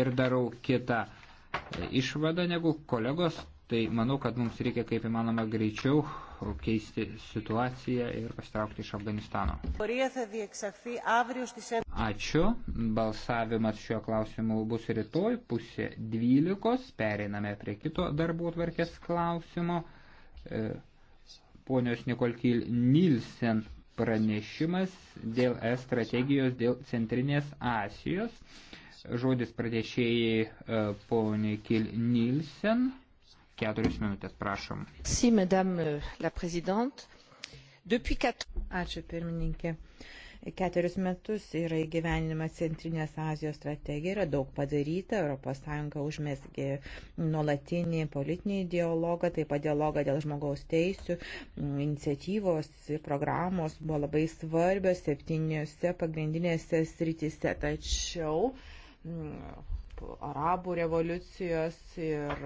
ir darau kitą išvadą negu kolegos, tai manau, kad mums reikia kaip įmanoma greičiau keisti situaciją ir pastraukti iš Afganistano. Ačiū. Balsavimas šiuo klausimu bus rytoj pusė dvylikos. Pereiname prie kito darbų tvarkės klausimo. E, ponios Nikolkyl Nilsen pranešimas dėl e strategijos dėl Centrinės Asijos. Žodis pradėšėjai e, poniai Kil Nilsen. Keturios minutės, prašom. Si, madame la prezidente. Depuis kat... Ačiū, pirmininkė. Keturis metus yra įgyvenima Centrinės Azijos strategija, yra daug padaryta, ES užmėsgi nuolatinį politinį dialogą, taip pat dialogą dėl žmogaus teisų, iniciatyvos ir programos buvo labai svarbios septyniose pagrindinėse sritise. Tačiau arabų revoliucijos ir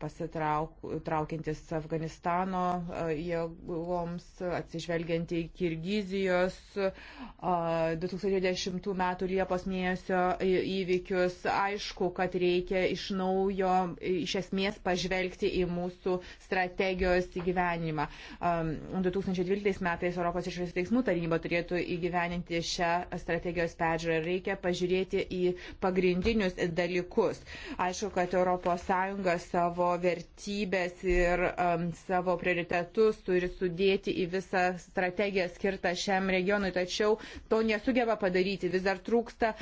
pasitraukiantis Afganistano e, jėgoms, atsižvelgiant į Kirgizijos 2010 e, m. Liepos mėnesio įvykius. Aišku, kad reikia iš naujo, iš esmės pažvelgti į mūsų strategijos įgyvenimą. 2012 e, metais Europos išorės veiksmų taryba turėtų įgyveninti šią strategijos peržiūrą. Reikia pažiūrėti į pagrindinius dalykus. Aišku, kad ES savo savo vertybės ir um, savo prioritetus turi sudėti į visą strategiją skirtą šiam regionui, tačiau to nesugeba padaryti, vis dar trūksta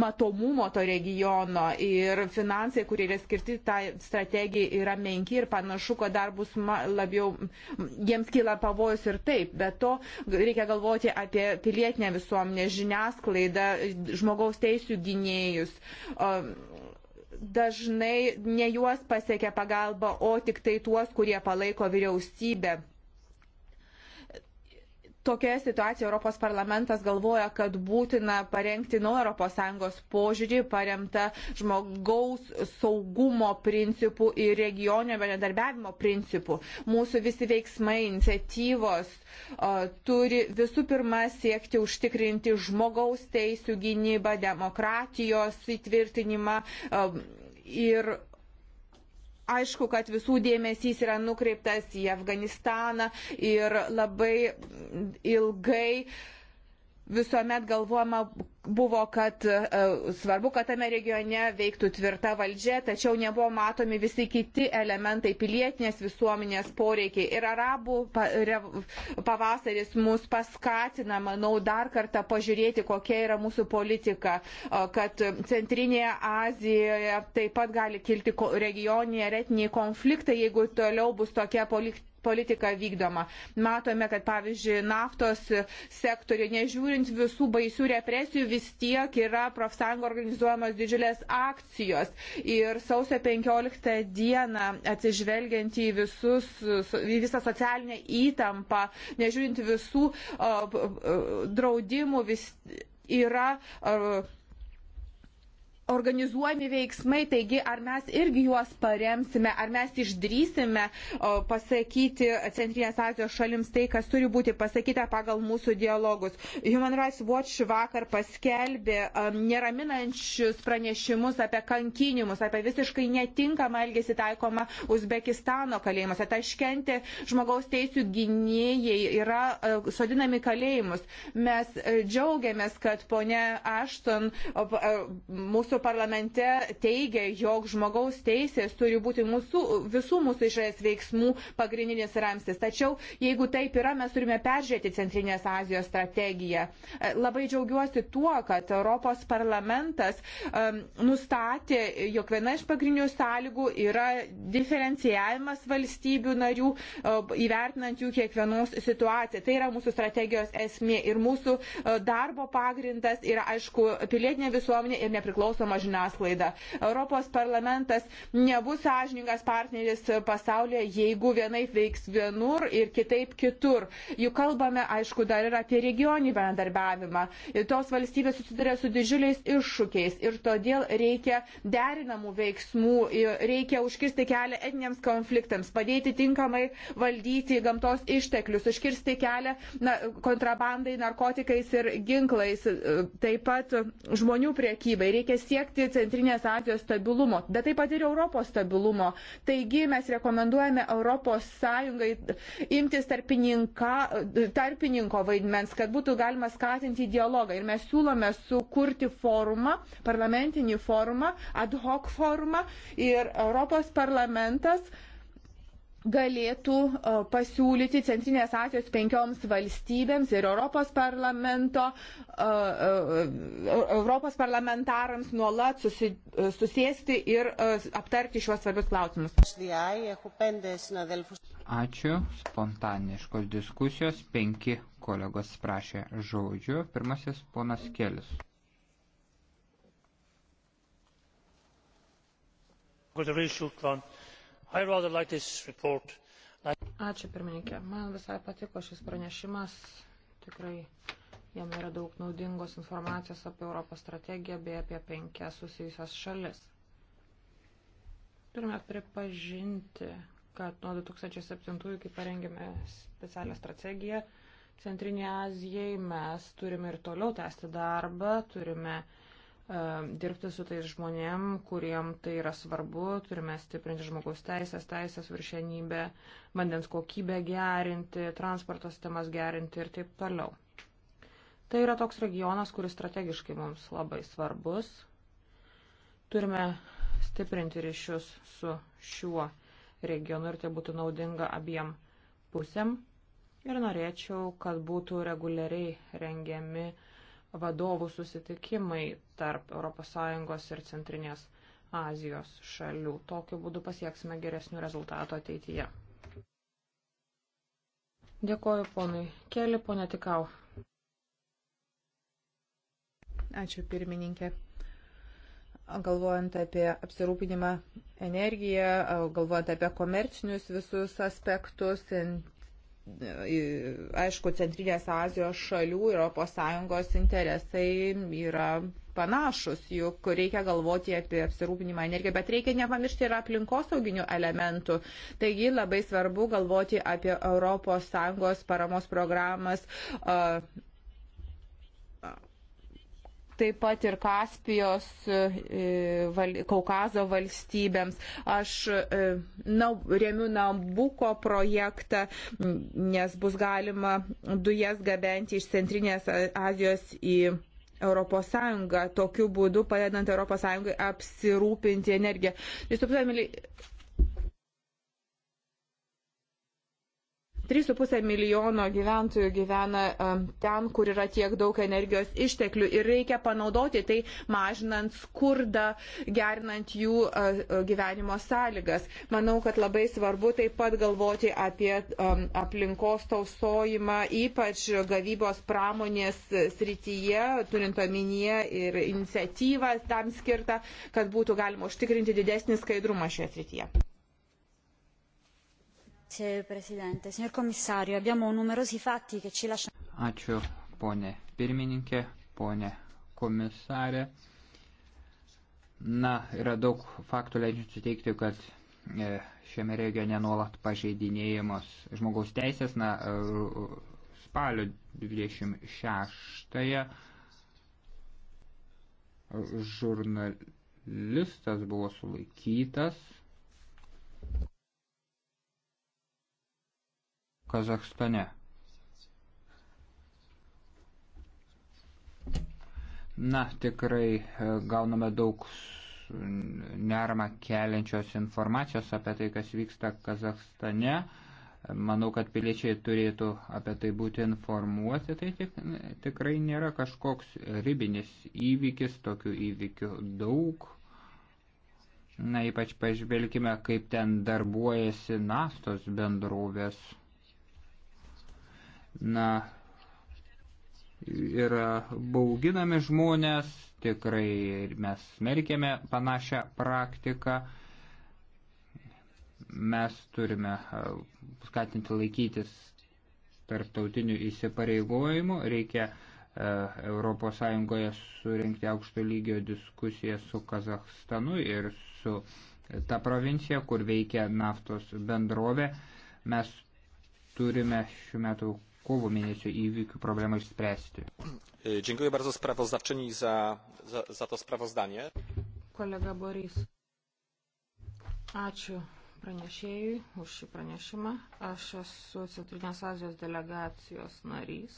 matomumo to regiono ir finansai, kurie yra skirti tai strategijai, yra menki ir panašu, kad dar bus labiau, jiems kyla pavojus ir taip, bet to reikia galvoti apie pilietinę visuomenę, žiniasklaidą, žmogaus teisų gynėjus. Um, dažnai ne juos pasiekia pagalba, o tik tai tuos, kurie palaiko vyriausybę. Tokioje situacijoje Europos parlamentas galvoja, kad būtina parengti naują ES požiūrį, paremtą žmogaus saugumo principų ir regioninio bendradarbiavimo principų. Mūsų visi veiksmai, iniciatyvos o, turi visų pirma siekti užtikrinti žmogaus teisų gynybą, demokratijos įtvirtinimą o, ir Aišku, kad visų dėmesys yra nukreiptas į Afganistaną ir labai ilgai uh, visuomet galvojama buvo, kad e, svarbu, kad tame regione veiktų tvirta valdžia, tačiau nebuvo matomi visi kiti elementai pilietinės visuomenės poreikiai. Ir arabų pavasaris mus paskatina, manau, dar kartą pažiūrėti, kokia yra mūsų politika, e, kad Centrinėje Azijoje taip pat gali kilti regioniniai, retiniai konfliktai, jeigu toliau bus tokia politika politika vykdoma. Matome, kad pavyzdžiui, naftos sektoriu, nežiūrint visų baisių represijų, vis tiek yra profsąjungo organizuojamos didžiulės akcijos. Ir sausio 15 dieną, atsižvelgiant į, visus, į visą socialinę įtampą, nežiūrint visų o, o, draudimų, vis yra. O, organizuojami veiksmai, taigi ar mes irgi juos paremsime, ar mes išdrysime pasakyti Centrinės Azijos šalims tai, kas turi būti pasakyta pagal mūsų dialogus. Human Rights Watch vakar paskelbė um, neraminančius pranešimus apie kankinimus, apie visiškai netinkamą elgesį taikomą Uzbekistano kalėjimuose. Taškentė žmogaus teisų gynėjai yra e, sodinami kalėjimus. Mes e, džiaugiamės, kad ponia Ašton e, mūsų mūsų parlamente teigia, jog žmogaus teisės turi būti mūsų, visų mūsų išorės veiksmų pagrindinis ramstis. Tačiau, jeigu taip yra, mes turime peržiūrėti Centrinės Azijos strategiją. E, labai džiaugiuosi tuo, kad Europos parlamentas um, nustatė, jog viena iš pagrindinių sąlygų yra diferencijavimas valstybių narių, um, įvertinant jų kiekvienos situaciją. Tai yra mūsų strategijos esmė ir mūsų uh, darbo pagrindas yra, aišku, pilietinė visuomenė ir nepriklausoma nepriklausoma žiniasklaida. Europos parlamentas nebus sąžiningas partneris pasaulyje, jeigu vienaip veiks vienur ir kitaip kitur. Juk kalbame, aišku, dar ir apie regionį bendarbiavimą. Tos valstybės susiduria su didžiuliais iššūkiais ir todėl reikia derinamų veiksmų, reikia užkirsti kelią etiniams konfliktams, padėti tinkamai valdyti gamtos išteklius, užkirsti kelią na, kontrabandai, narkotikais ir ginklais, taip pat žmonių priekybai. Reikia siekti siekti Centrinės Azijos stabilumo, bet taip pat ir Europos stabilumo. Taigi mes rekomenduojame ES imtis tarpininko vaidmens, kad būtų galima skatinti dialogą. Ir mes siūlome sukurti forumą, parlamentinį forumą, ad hoc forumą ir Europos parlamentas galėtų e, pasiūlyti Centrinės Azijos penkioms valstybėms ir Europos parlamento, e, e, Europos parlamentarams nuolat susi, susėsti ir aptarti šiuos svarbius klausimus. Ačiū. Spontaniškos diskusijos. Penki kolegos prašė žodžių. Pirmasis ponas Kelis. Good, Ačiū pirmininkė. Man visai patiko šis pranešimas. Tikrai jame yra daug naudingos informacijos apie Europos strategiją bei apie penkias susijusias šalis. Turime pripažinti, kad nuo 2007, kai parengėme specialią strategiją Centrinėje Azijai, mes turime ir toliau tęsti darbą, turime uh, E, dirbti su tais žmonėm, kuriem tai yra svarbu, turime stiprinti žmogaus teisės, teisės viršenybę, vandens kokybę gerinti, transporto sistemas gerinti ir taip toliau. Tai yra toks regionas, kuris strategiškai mums labai svarbus. Turime stiprinti ryšius su šiuo regionu ir tai būtų naudinga abiem pusėm. Ir norėčiau, kad būtų reguliariai rengiami uh, vadovų susitikimai tarp ES ir Centrinės Azijos šalių. Tokiu būdu pasieksime geresnių rezultatų ateityje. Dėkoju ponui Keli, ponė Tikau. Ačiū pirmininkė. Galvojant apie apsirūpinimą energiją, galvojant apie komercinius visus aspektus, aišku, Centrinės Azijos šalių ir ES interesai yra panašus, juk reikia galvoti apie apsirūpinimą energiją, bet reikia nepamiršti ir aplinkosauginių elementų. Taigi labai svarbu galvoti apie ES paramos programas taip pat ir Kaspijos, e, Kaukazo valstybėms. Aš e, na, remiu Nambuko projektą, nes bus galima dujas gabenti iš Centrinės Azijos į. Europos Sąjunga, tokiu būdu padedant Europos Sąjungai apsirūpinti energiją. Jūs suprantate, 3,5 milijono gyventojų gyvena ten, kur yra tiek daug energijos išteklių ir reikia panaudoti tai mažinant skurdą, gerinant jų e, e, gyvenimo sąlygas. Manau, kad labai svarbu taip pat galvoti apie aplinkos tausojimą, ypač gavybos pramonės e, srityje, turint omenyje ir iniciatyvas tam skirtą, kad būtų galima užtikrinti didesnį skaidrumą šioje srityje. Signor Presidente, signor Commissario, abbiamo numerosi fatti che ci lasciano. Ačiū, ponė pirmininkė, ponė komisarė. Na, yra daug faktų leidžiančių teikti, kad e, šiame regione nuolat pažeidinėjamos žmogaus teisės. Na, e, spalio 26-ąją e, žurnalistas buvo sulaikytas Kazakstane. Na, tikrai e, gauname daug nerma keliančios informacijos apie tai, kas vyksta Kazakstane. Manau, kad piliečiai turėtų apie tai būti informuoti. Tai tik, tikrai nėra kažkoks ribinis įvykis, tokių įvykių daug. Na, ypač pažvelkime, kaip ten darbuojasi naftos bendrovės na, yra bauginami žmonės, tikrai mes smerkėme panašią praktiką. Mes turime skatinti laikytis tarptautinių įsipareigojimų, reikia ES surinkti aukšto lygio diskusiją su Kazahstanu ir su ta provincija, kur veikia naftos bendrovė. Mes turime šiuo metu kovo mėnesio įvykių problemą išspręsti. E, dziękuję bardzo sprawozdawczyni za, za, za to sprawozdanie. Kolega Boris. Ačiū pranešėjui už šį pranešimą. Aš esu Centrinės Azijos delegacijos narys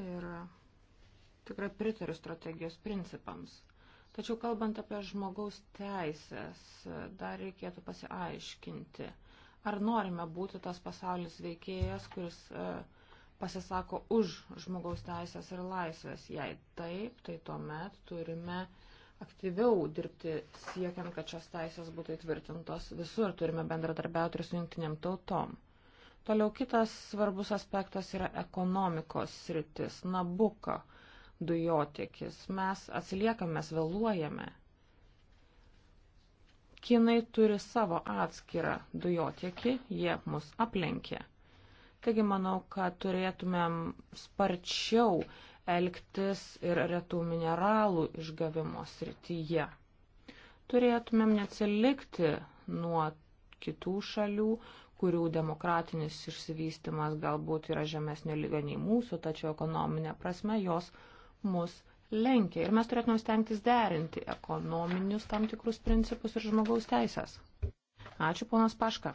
ir tikrai pritariu strategijos principams. Tačiau kalbant apie žmogaus teisės, dar reikėtų pasiaiškinti – Ar norime būti tas pasaulis veikėjas, kuris e, pasisako už žmogaus teisės ir laisvės? Jei taip, tai tuomet turime aktyviau dirbti siekiant, kad šios teisės būtų įtvirtintos visur. Turime bendradarbiauti ir su jungtiniam tautom. Toliau kitas svarbus aspektas yra ekonomikos sritis, nabuko dujotiekis. Mes atsiliekame, mes vėluojame. Kinai turi savo atskirą dujotiekį, jie mus aplenkė. Taigi manau, kad turėtumėm sparčiau elgtis ir retų mineralų išgavimo srityje. Turėtumėm neatsilikti nuo kitų šalių, kurių demokratinis išsivystimas galbūt yra žemesnio lygio nei mūsų, tačiau ekonominė prasme jos mus lenkia ir mes turėtume stengtis derinti ekonominius tam tikrus principus ir žmogaus teisės. Ačiū, ponas Paška.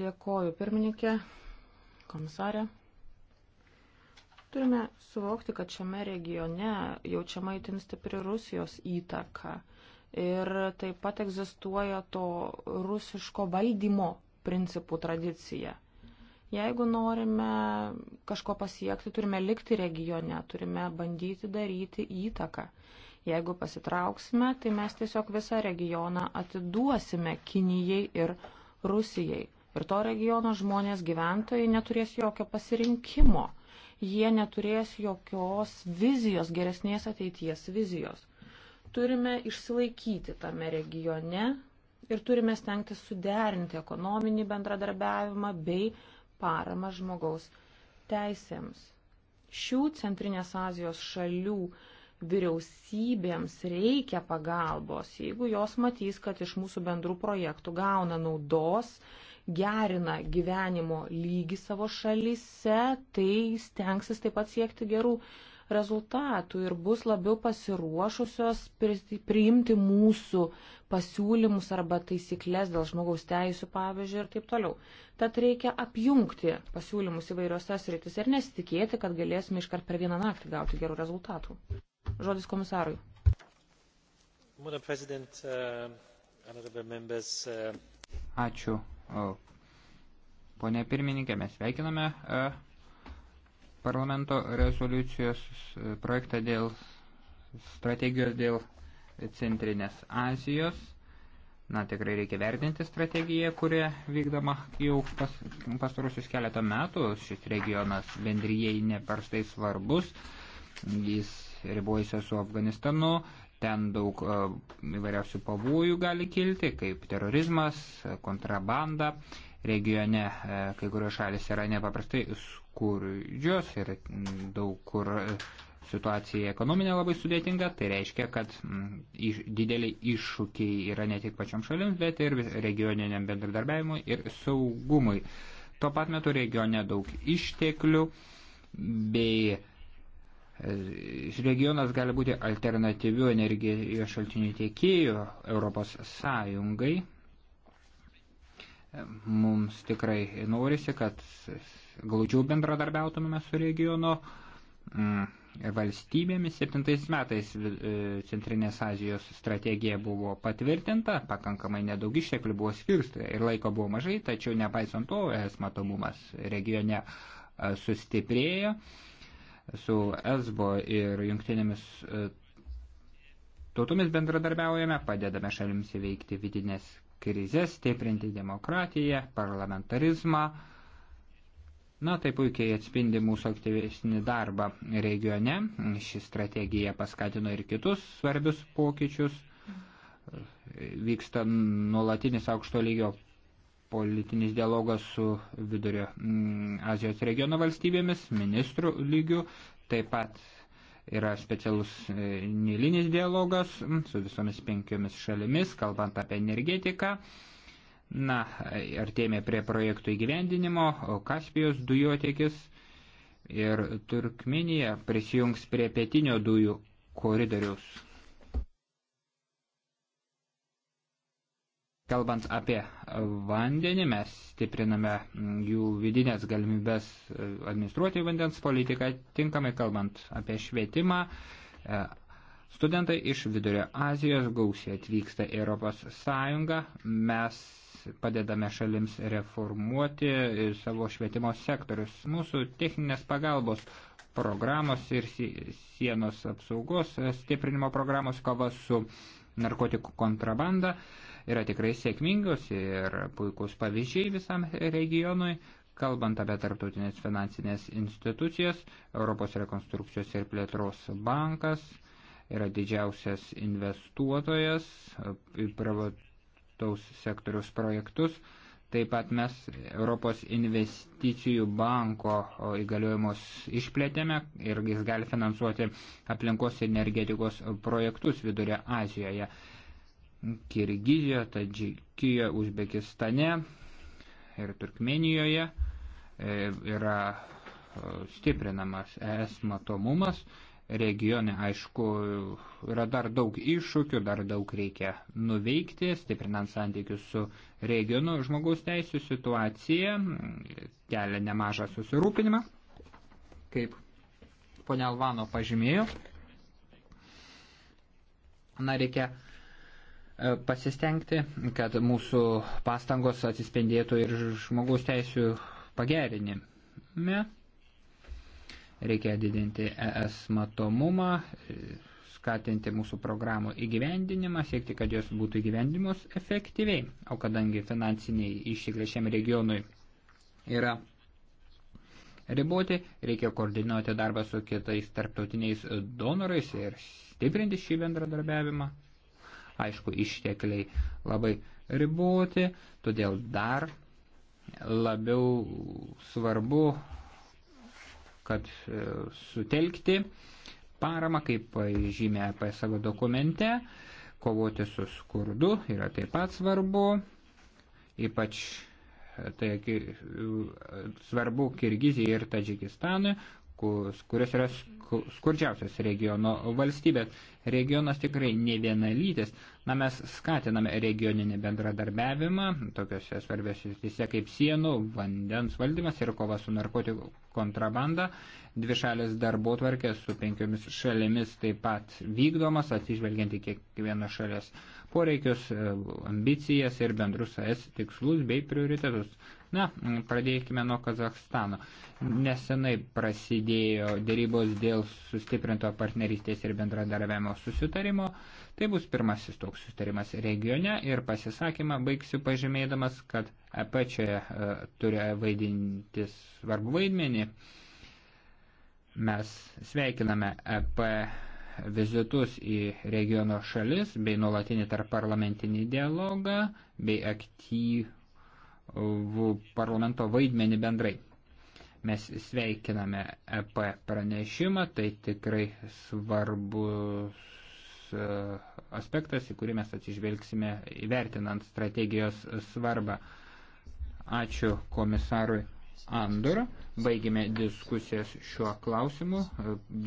Dėkoju, pirmininkė, komisarė. Turime suvokti, kad šiame regione jaučiama itin stipri Rusijos įtaka ir taip pat egzistuoja to rusiško valdymo principų tradicija – Jeigu norime kažko pasiekti, turime likti regione, turime bandyti daryti įtaką. Jeigu pasitrauksime, tai mes tiesiog visą regioną atiduosime Kinijai ir Rusijai. Ir to regiono žmonės gyventojai neturės jokio pasirinkimo. Jie neturės jokios vizijos, geresnės ateities vizijos. Turime išsilaikyti tame regione ir turime stengtis suderinti ekonominį bendradarbiavimą bei paramą žmogaus teisėms. Šių Centrinės Azijos šalių vyriausybėms reikia pagalbos, jeigu jos matys, kad iš mūsų bendrų projektų gauna naudos, gerina gyvenimo lygį savo šalyse, tai stengsis taip pat siekti gerų rezultatų ir bus labiau pasiruošusios priimti mūsų pasiūlymus arba taisyklės dėl žmogaus teisų, pavyzdžiui, ir taip toliau. Tad reikia apjungti pasiūlymus įvairiose sritise ir nesitikėti, kad galėsime iškart per vieną naktį gauti gerų rezultatų. Žodis komisarui. Uh, uh, Ačiū. Pone pirmininkė, mes veikiname uh, parlamento rezoliucijos e, projektą dėl strategijos dėl Centrinės Azijos. Na, tikrai reikia vertinti strategiją, kuria vykdoma jau pas, pastarusius keletą metų. Šis regionas bendrijai neparstai svarbus. Jis ribojasi su Afganistanu. Ten daug e, įvairiausių pavojų gali kilti, kaip terorizmas, kontrabanda regione e, kai kurios šalis yra nepaprastai skurdžios ir daug kur e, situacija ekonominė labai sudėtinga, tai reiškia, kad iš, dideliai iššūkiai yra ne tik pačiom šalims, bet ir regioniniam bendradarbiavimui ir saugumui. Tuo pat metu regione daug išteklių bei e, regionas gali būti alternatyvių energijos šaltinių tiekėjų Europos Sąjungai Mums tikrai norisi, kad glaudžiau bendradarbiautumėme su regiono mm, valstybėmis. Septintais metais e, Centrinės Azijos strategija buvo patvirtinta, pakankamai nedaug išteklių buvo skirsta ir laiko buvo mažai, tačiau nepaisant to, es matomumas regione e, sustiprėjo su ESBO ir jungtinėmis e, tautomis bendradarbiaujame, padedame šalims įveikti vidinės krizės, stiprinti demokratiją, parlamentarizmą. Na, tai puikiai atspindi mūsų aktyvesnį darbą regione. Ši strategija paskatino ir kitus svarbius pokyčius. Vyksta nuolatinis aukšto lygio politinis dialogas su vidurio mm, Azijos regiono valstybėmis, ministrų lygių. Taip pat yra specialus e, neįlinis dialogas su visomis penkiomis šalimis, kalbant apie energetiką. Na, artėjame prie projektų įgyvendinimo, Kaspijos dujotiekis ir Turkmenija prisijungs prie pietinio dujų koridoriaus Kalbant apie vandenį, mes stipriname jų vidinės galimybės administruoti vandens politiką, tinkamai kalbant apie švietimą. E, studentai iš Vidurio Azijos gausiai atvyksta į Europos Sąjungą. Mes padedame šalims reformuoti savo švietimo sektorius. Mūsų techninės pagalbos programos ir sienos apsaugos stiprinimo programos kova su narkotikų kontrabanda yra tikrai sėkmingos ir puikus pavyzdžiai visam regionui. Kalbant apie tarptautinės finansinės institucijas, Europos rekonstrukcijos ir plėtros bankas yra didžiausias investuotojas į privataus sektoriaus projektus. Taip pat mes Europos investicijų banko įgaliojimus išplėtėme ir jis gali finansuoti aplinkos energetikos projektus Vidurio Azijoje. Kirgizijoje, Tadžikijoje, Uzbekistane ir Turkmenijoje e, yra e, stiprinamas ES matomumas. Regione, aišku, yra dar daug iššūkių, dar daug reikia nuveikti, stiprinant santykius su regionu. Žmogaus teisų situacija kelia nemažą susirūpinimą, kaip ponia Alvano pažymėjo. Na, reikia uh, E, pasistengti, kad mūsų pastangos atsispindėtų ir žmogaus teisų pagerinime. Reikia didinti ES matomumą, e, skatinti mūsų programų įgyvendinimą, siekti, kad jos būtų įgyvendimos efektyviai. O kadangi finansiniai ištekliai šiam regionui yra riboti, reikia koordinuoti darbą su kitais tarptautiniais donorais ir stiprinti šį bendradarbiavimą. Aišku, ištekliai labai riboti, todėl dar labiau svarbu, kad e, sutelkti paramą, kaip žymė apie savo dokumente, kovoti su skurdu yra taip pat svarbu, ypač e, tai e, svarbu Kirgizijai ir Tadžikistanui, kurios yra skurdžiausias regiono valstybės regionas tikrai ne vienalytis. Na, mes skatiname regioninį bendradarbiavimą, tokiuose svarbiose srityse kaip sienų, vandens valdymas ir kova su narkotikų kontrabanda. Dvišalės darbo tvarkės su penkiomis šalimis taip pat vykdomas, atsižvelgiant į kiekvieną šalies poreikius, e, ambicijas ir bendrus ES tikslus bei prioritetus. Na, pradėkime nuo Kazakstano. Nesenai prasidėjo dėrybos dėl sustiprinto partnerystės ir bendradarbiavimo asociavimo susitarimo. Tai bus pirmasis toks susitarimas regione ir pasisakymą baigsiu pažymėdamas, kad EP čia e, turi vaidinti svarbu vaidmenį. Mes sveikiname EP vizitus į regiono šalis bei nuolatinį tarp parlamentinį dialogą bei aktyvų parlamento vaidmenį bendrai. Mes sveikiname EP pranešimą, tai tikrai svarbus e, aspektas, į kurį mes atsižvelgsime įvertinant strategijos svarbą. Ačiū komisarui Andor. Baigėme diskusijas šiuo klausimu.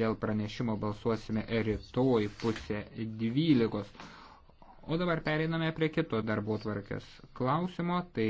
Dėl pranešimo balsuosime rytoj pusė 12. O dabar pereiname prie kito darbo tvarkės klausimo. Tai